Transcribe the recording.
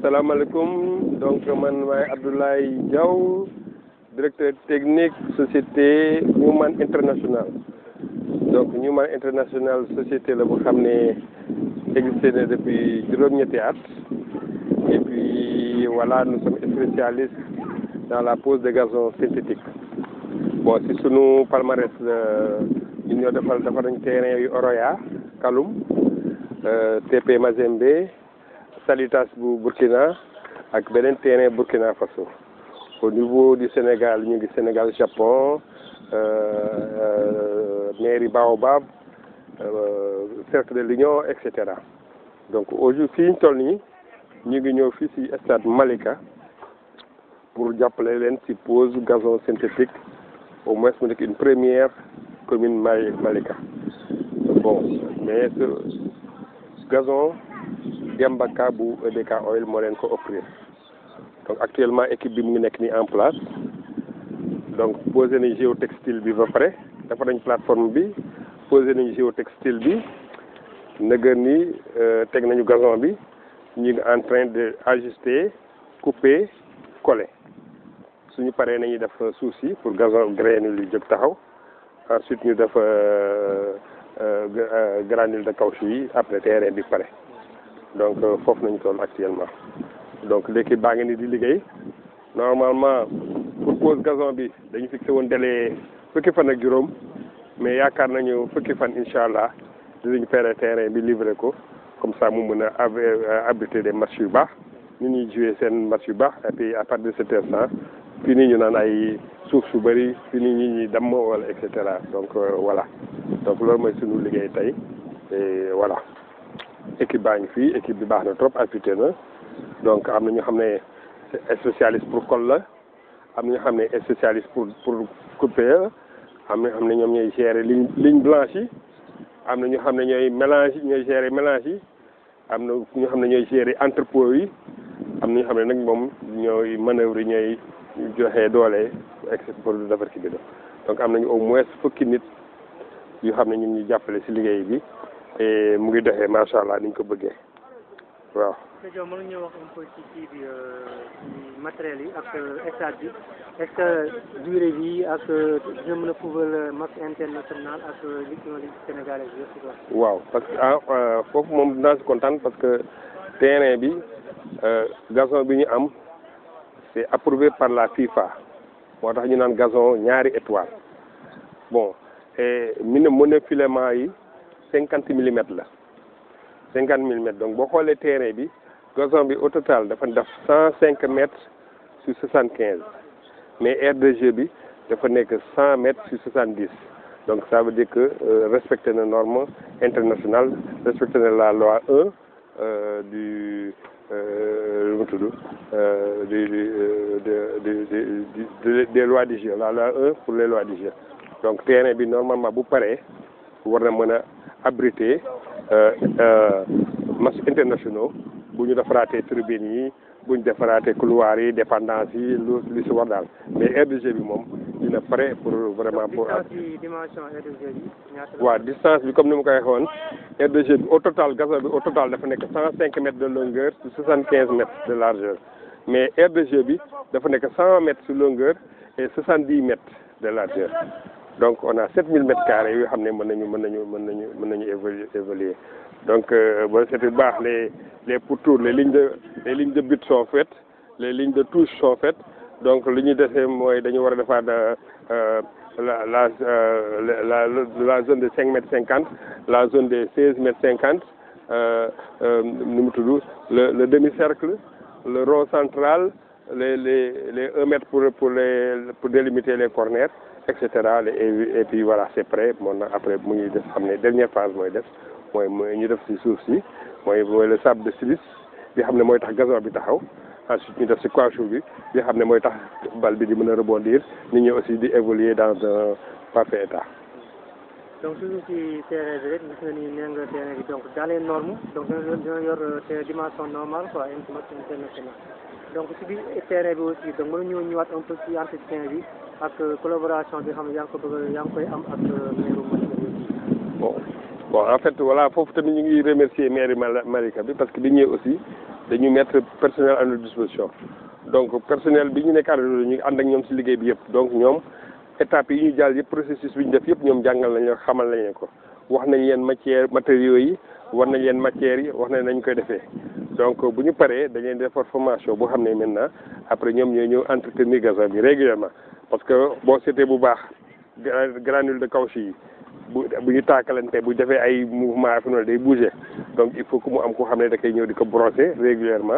salam alaikum donc man maay Abdoulaye Diaw directeur technique société Human International donc Human International société la bu xamné existé depuis juroom ñetti at et puis voilà nous sommes spécialistes dans la pose de gazon synthétique bon si nous palmarès euh, ñoo defal defar nañ terrain yu Oroya Kaloum euh, TP Mazembe Salitas bu Burkina ak beneen terrain Burkina Faso au niveau du Sénégal ñu ngi Sénégal Japon euh, mairie Baobab euh, cercle de l'Union etc. donc aujourd'hui nous sommes toll nii ñu stade Malika pour appeler leen ci pose gazon synthétique au moins c'est une première commune Malika bon mais ce gazon Demba Ka bu EDK Oil moo ko offrir donc actuellement équipe bi mu ngi nekk en place donc poser nañ géotextile bi ba pare dafa nañ plateforme bi poser nañ géotextile bi nëgër ni euh, teg nañu gazon bi ñi ngi en train de ajuster couper coller suñu paré nañu def souci pour gazon granule yu jóg taxaw ensuite ñu def euh, euh, granule de caoutchouc après terrain bi paré donc euh, foofu nañ toll actuellement donc l'équipe baa ngi ni di liggéey normalement pour pose gazon bi dañu fixé woon délai fukki fan ak juróom mais yaakaar nañu fukki fan incha allah dinañu pere terrain bi livré ko comme ça mu mën a euh, abriter des matchs yu baax ñu ñi jouer seen match yu baax et puis à partir de cet heures cent fii nii ñu naan ay suuf su bëri fii nii ñi ñuy damm wala et cetera donc euh, voilà donc loolu mooy sunu liggéey tey et voilà équipe baa ngi fii équipe bi baax na trop affûté na donc am na ñu xam ne spécialiste pour col la am na ñu xam ne spécialiste pour pour coupé am na xam ne ñoom ñuy gérer ligne ligne blanche yi am na ñu xam ne ñooy mélange yi ñooy gérer mélange yi am na ñu xam ne ñooy gérer entrepôt yi am na ñu xam ne nag moom ñooy manœuvre yi ñooy joxe doole pour defar ci bi donc am nañu au moins fukki nit yu xam ne ñun ñu jàppale si liggéey bi Eh, mu ngi doxee macha allah ni ñu ko bëggee waaw. sëñ mën euh, matériel yi ak stade euh, bi bi ak euh, dina mën a couvrir match international parce que ah foofu moom dinaa si kontaan parce que terrain bi gazon bi ñu am c'est approuvé par la FIFA moo tax ñu naan gazon ñaari étoile bon et ne monofilament yi. 50 mm là. 50 mm donc bo xolé terrain bi gazon au total de 105 mètres sur 75 mais RDGB de que 100 mètres sur 70 donc ça veut dire que euh, respecter les normes internationales respecter la loi 1 du des lois du jeu la loi 1 pour les lois du jeu donc terrain normalement bu paré abrité euh, euh, match internationaux bu ñu defaraatee tribune yi bu ñu defaraatee couloir yi dépendance yi lu lu si war daal mais aire de jeu bi moom dina pare pour vraiment pour am waaw distance bi comme ni ma ko waxee woon de jeu bi au total gazon bi au total dafa nekk cent cinq mètres de longueur sur soixante quinze mètres de largeur mais aire de jeu bi dafa nekk cent mètres sur longueur et soixante dix mètres de largeur donc on a 7000 mètres carrés on xam ne mën nañu évoluer donc c'est seetlu bas les les les lignes de les lignes de but sont faites les lignes de touche sont faites donc l'unité ñu dese dañu war euh, euh, la euh, la la zone de 5 mètres 50 la zone de 16 mètres 50 le le demi cercle le rond central les, les, les 1 mètre pour, pour, les, pour délimiter les corners, etc. Et, et puis voilà, c'est prêt. après, on ngi def la dernière phase On def mooy mooy ñu def si le sable de silice bi xam ne le tax gazon bi taxaw ensuite ñu def si caoutchouc bi bi xam ne tax bal bi di rebondir On ñi aussi di évoluer dans un parfait état. donc suñu ci terrain bi rek gis nga ni nee nga terrain bi donc dans les normes donc euh, dimension normale donc si biir terrain bi aussi donc mën nañu ñëwaat un euh, xam ne yaa ngi ko bëgg yaa am ak euh, bon bon en fait voilà foofu tamit ñu ngi remercier maire Malika bi parce que bi ñëwee aussi dañu mettre personnel à notre disposition donc personnel bi ñu nekk ànd ñu ànd ak ñoom si liggéey bi yëpp donc ñoom étapes yi ñu jàll yëpp processus bi ñu def yëpp ñoom jàngal nañ xamal nañ ko wax nañ leen matière matériaux yi war nañ leen matières yi wax nañ nañ koy defee donc bu ñu paree dañ leen defar formation boo xam ne maintenant après ñoom ñooy ñëw entretenir gazon bi régulièrement parce que boo seetee bu baax granule de caoutchouc yi bu bu ñu taakalante bu defee ay mouvement affinol day bouger donc il faut que mu am koo xam ne da koy ñëw di ko brosser régulièrement